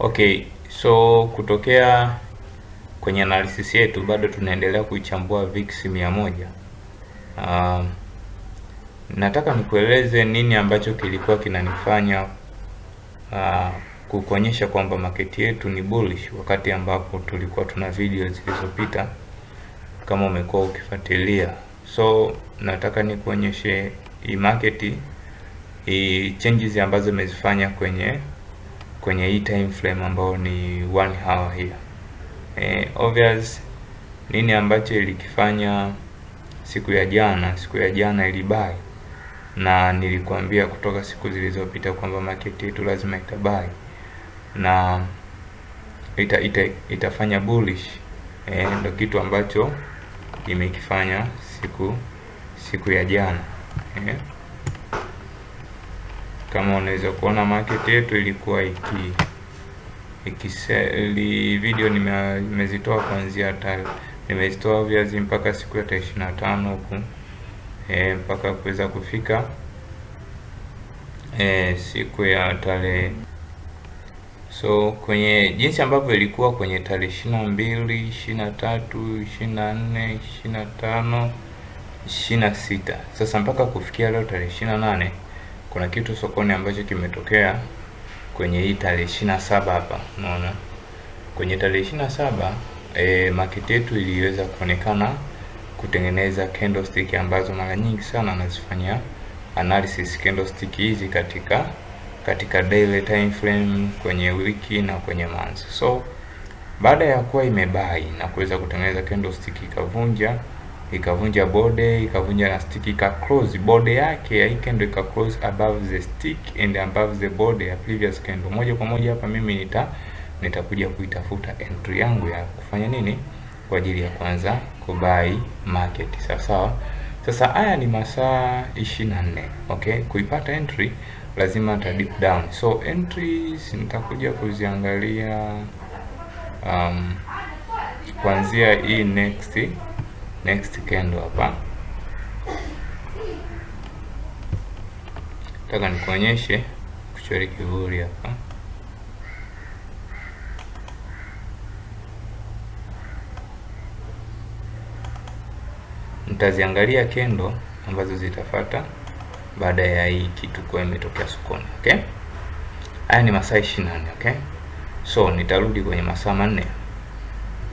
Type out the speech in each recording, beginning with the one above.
Okay, so kutokea kwenye analysis yetu bado tunaendelea kuichambua VIX 100. Uh, nataka nikueleze nini ambacho kilikuwa kinanifanya uh, kukuonyesha kwamba market yetu ni bullish wakati ambapo tulikuwa tuna video zilizopita kama umekuwa ukifuatilia. So nataka nikuonyeshe hii market hii changes ambazo imezifanya kwenye kwenye hii time frame ambayo ni one hour here. E, obvious nini ambacho ilikifanya siku ya jana? Siku ya jana ilibai na nilikuambia kutoka siku zilizopita kwamba market yetu lazima itabai na ita, ita, itafanya bullish e, ndo kitu ambacho imekifanya siku siku ya jana e kama unaweza kuona market yetu ilikuwa iki, ikiseli video nimezitoa kuanzia tarehe nimezitoa viazi mpaka siku ya tarehe ishirini na tano huku e, mpaka kuweza kufika e, siku ya tarehe so kwenye jinsi ambavyo ilikuwa kwenye tarehe ishirini na mbili ishirini na tatu ishirini na nne ishirini na tano ishirini na sita sasa mpaka kufikia leo tarehe ishirini na nane kuna kitu sokoni ambacho kimetokea kwenye hii tarehe ishirini na saba hapa unaona kwenye tarehe ishirini na saba e, market yetu iliweza kuonekana kutengeneza candlestick ambazo mara nyingi sana anazifanyia analysis candlestick hizi katika katika daily time frame kwenye wiki na kwenye month so baada ya kuwa imebai na kuweza kutengeneza candlestick ikavunja ikavunja bode, ikavunja na stick, ika close bode yake ya hii candle, ika close above the stick and above the bode ya previous candle. Moja kwa moja hapa mimi nita nitakuja kuitafuta entry yangu ya kufanya nini kwa ajili ya kwanza kubai market sawa sawa. Sasa haya ni masaa 24. Okay, kuipata entry lazima ta deep down, so entries nitakuja kuziangalia um, kuanzia hii next next candle hapa. Nataka nikuonyeshe kuchora kivuli hapa. Nitaziangalia kendo ambazo zitafata baada ya hii kitu kuwa imetokea sokoni. Okay, haya ni masaa 24. Okay, so nitarudi kwenye masaa manne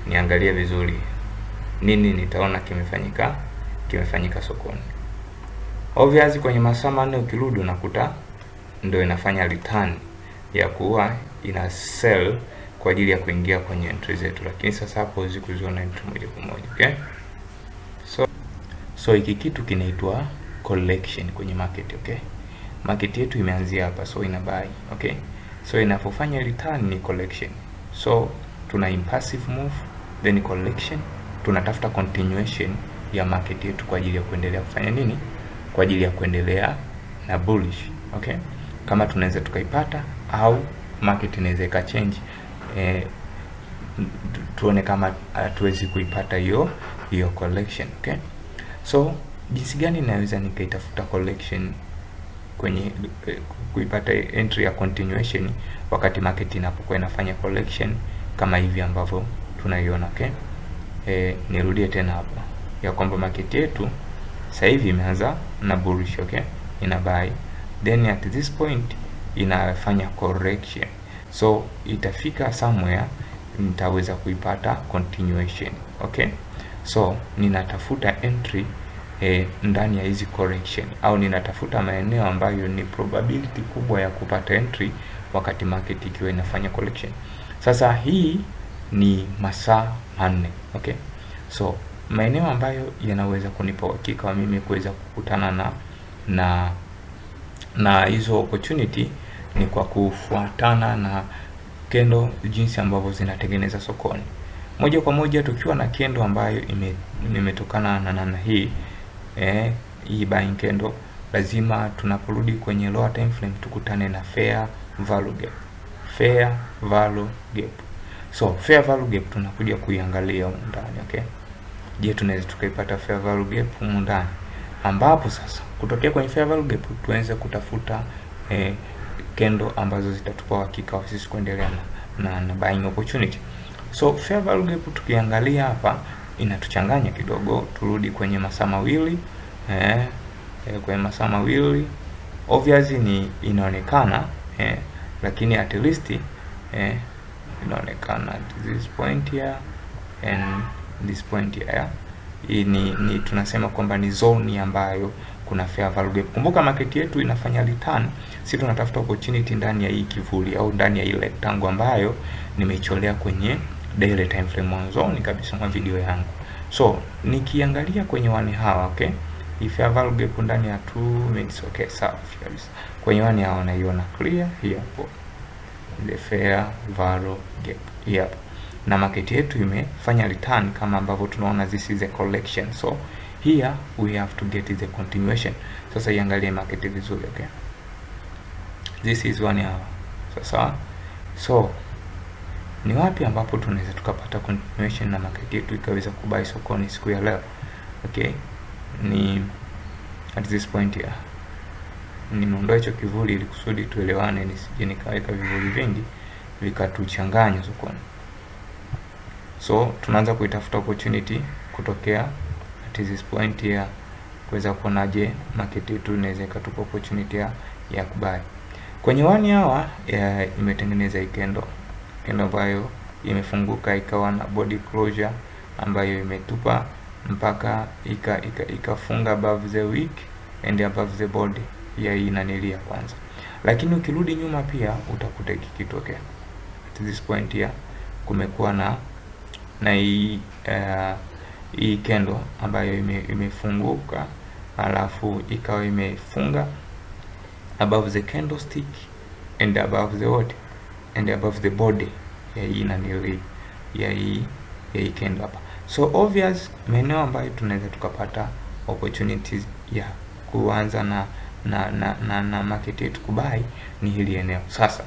niangalie vizuri nini nitaona kimefanyika kimefanyika sokoni. Obviously kwenye masaa manne ukirudi unakuta ndio inafanya return ya kuwa ina sell kwa ajili ya kuingia kwenye entry zetu, lakini sasa hapo huwezi kuziona entry moja kwa moja okay? So so hiki kitu kinaitwa collection kwenye market okay? Market yetu imeanzia hapa, so ina buy okay? So inapofanya return ni collection, so tuna impassive move then collection tunatafuta continuation ya market yetu kwa ajili ya kuendelea kufanya nini, kwa ajili ya kuendelea na bullish. Okay, kama tunaweza tukaipata au market inaweza ika change eh, tuone kama hatuwezi kuipata hiyo hiyo collection. Okay, so jinsi gani naweza nikaitafuta collection kwenye eh, kuipata entry ya continuation wakati market inapokuwa inafanya collection kama hivi ambavyo tunaiona okay? e, nirudie tena hapa ya kwamba market yetu sasa hivi imeanza na bullish, okay, ina buy then at this point inafanya correction, so itafika somewhere nitaweza kuipata continuation okay. So ninatafuta entry e, ndani ya hizi correction au ninatafuta maeneo ambayo ni probability kubwa ya kupata entry wakati market ikiwa inafanya correction. Sasa hii ni masaa manne okay so maeneo ambayo yanaweza kunipa uhakika wa mimi kuweza kukutana na na na hizo opportunity ni kwa kufuatana na kendo jinsi ambavyo zinatengeneza sokoni moja kwa moja tukiwa na kendo ambayo imetokana ime na namna hii eh, hii buying kendo lazima tunaporudi kwenye lower time frame tukutane na fair value gap fair value gap So fair value gap tunakuja kuiangalia huko ndani, okay? Je, tunaweza tukaipata fair value gap huko ndani? Ambapo sasa kutokea kwenye fair value gap tuanze kutafuta eh, kendo ambazo zitatupa uhakika sisi kuendelea na, na, na buying opportunity. So fair value gap tukiangalia hapa inatuchanganya kidogo, turudi kwenye masaa mawili eh, eh, kwenye masaa mawili obviously ni inaonekana eh, lakini at least eh, inaonekana at this point here and this point here. Hii ni, ni tunasema kwamba ni zone ambayo kuna fair value gap. Kumbuka market yetu inafanya return, si tunatafuta opportunity ndani ya hii kivuli au ndani ya ile rectangle ambayo nimeicholea kwenye daily time frame zone kabisa kwa video yangu. So nikiangalia kwenye one hour, okay, hii fair value gap ndani ya 2 minutes, okay, safi kabisa. Kwenye one hour naiona clear here ile fair value gap yep. Na market yetu imefanya return kama ambavyo tunaona, this is a collection, so here we have to get the continuation. Sasa iangalie market vizuri, okay, this is one hour. Sasa so ni wapi ambapo tunaweza tukapata continuation na market yetu ikaweza kubai sokoni siku ya leo? Okay, ni at this point here nimeondoa hicho kivuli ili kusudi tuelewane, nisije nikaweka vivuli vingi vikatuchanganya sokoni. So tunaanza kuitafuta opportunity kutokea at this point ya kuweza kuona, je, market yetu inaweza ikatupa opportunity ya, ya kubai kwenye one hour ya, imetengeneza ikendo kendo ambayo imefunguka ikawa na body closure ambayo imetupa mpaka ikafunga ika, ika above the wick and above the body ya ya kwanza, lakini ukirudi nyuma pia utakuta kikitokea at this point here kumekuwa na na hii uh, kendo ambayo ime, imefunguka alafu ikawa imefunga above the candlestick and above the what and above the body ya hii nanili ya hii ya hii kendo hapa. So obvious maeneo ambayo tunaweza tukapata opportunities ya kuanza na na, na, na, na market yetu kubai ni hili eneo. Sasa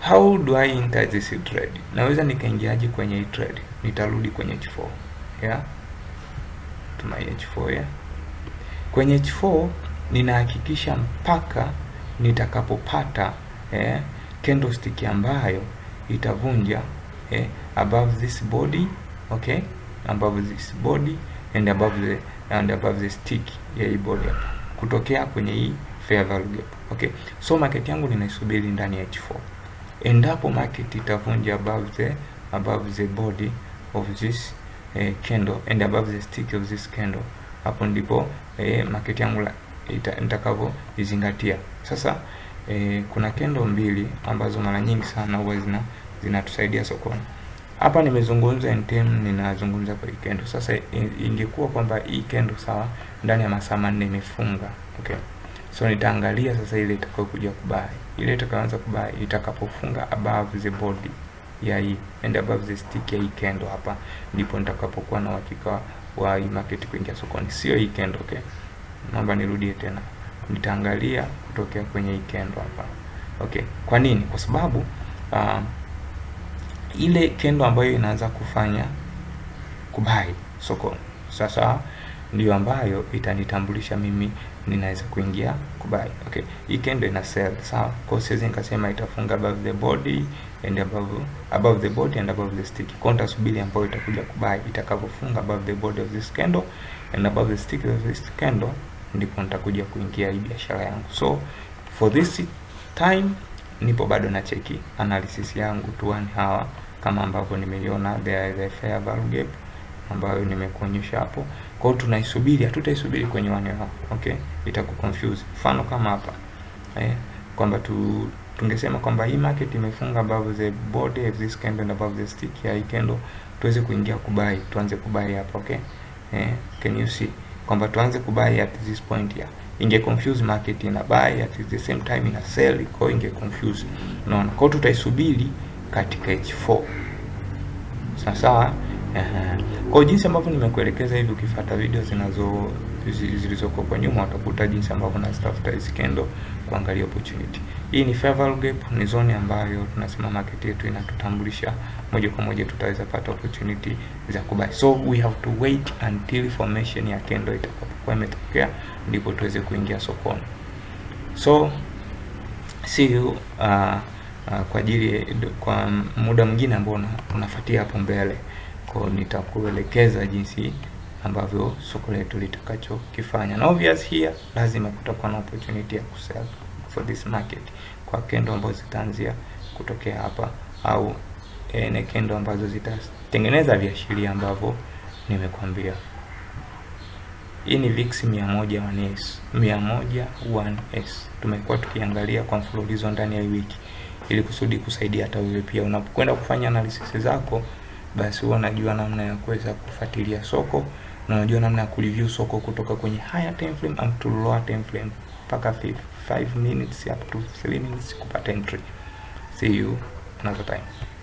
how do I enter this trade? Naweza nikaingiaje kwenye hii trade? Nitarudi kwenye H4. Yeah? tuma H4 yeah. Kwenye H4 ninahakikisha mpaka nitakapopata eh, candlestick ambayo itavunja eh, above this body, okay? Above this body and above the and above the stick ya yeah, hii body hapa kutokea kwenye hii fair value gap. Okay. So market yangu ninaisubiri ndani ya H4. Endapo market itavunja above the above the body of this eh, candle and above the stick of this candle, hapo ndipo eh, market yangu izingatia Sasa eh, kuna candle mbili ambazo mara nyingi sana huwa zina zinatusaidia sokoni hapa nimezungumza in term, ninazungumza kwa ikendo. Sasa ingekuwa kwamba ikendo sawa, ndani ya masaa manne imefunga okay. So nitaangalia sasa ile itakayokuja kubai, ile itakayoanza kubai itakapofunga above the body ya hii and above the stick ya hii candle, hapa ndipo nitakapokuwa na uhakika wa hii market kuingia sokoni, sio hii candle okay. Naomba nirudie tena, nitaangalia kutokea kwenye hii candle hapa okay. Kwa nini? Kwa sababu uh, ile kendo ambayo inaanza kufanya kubai sokoni sasa ndio ambayo itanitambulisha mimi ninaweza kuingia kubai. Okay, hii kendo ina sell sawa. Kwa hiyo nikasema itafunga above the body and above above the body and above the stick. Kwa nitasubiri ambayo itakuja kubai itakapofunga above the body of this candle and above the stick of this candle, ndipo nitakuja kuingia hii biashara yangu. So for this time nipo bado na cheki analysis yangu tuani hawa kama ambavyo nimeiona there is a fair value gap ambayo nimekuonyesha hapo. Kwa hiyo tunaisubiri, hatutaisubiri kwenye one hour, okay, itakuconfuse. Mfano kama hapa eh, kwamba tu tungesema kwamba hii market imefunga above the body of this candle and above the stick ya hii candle, tuweze kuingia kubai, tuanze kubai hapa, okay eh, can you see kwamba tuanze kubai at this point here inge confuse market ina buy at the same time ina sell, iko inge confuse unaona. Kwa tutaisubiri katika H4 sasa. Ehe, kwa jinsi ambavyo nimekuelekeza hivi, ukifuata video zinazo zilizokuwa kwa nyuma utakuta jinsi ambavyo nazitafuta hizi kendo kuangalia opportunity. Hii ni favorable gap, ni zone ambayo tunasema market yetu inatutambulisha moja kwa moja, tutaweza pata opportunity za kubai. So we have to wait until formation ya candle itakapokuwa imetokea ndipo tuweze kuingia sokoni. So see you uh, Uh, kwa ajili kwa muda mwingine ambao unafuatia hapo mbele, kwa nitakuelekeza jinsi ambavyo soko letu litakachokifanya, na obvious here lazima kutakuwa na opportunity ya kusell for this market, kwa kendo ambazo zitaanzia kutokea hapa au e, ne kendo ambazo zitatengeneza viashiria ambavyo nimekuambia. Hii ni VIX 100 1S, 101 s Tumekuwa tukiangalia kwa mfululizo ndani ya wiki ili kusudi kusaidia hata wewe pia unapokwenda kufanya analysis zako, basi wewe unajua namna ya kuweza kufuatilia soko na unajua namna ya kureview soko kutoka kwenye higher time frame up to lower time frame mpaka 5 minutes up to 3 minutes kupata entry. See you another time.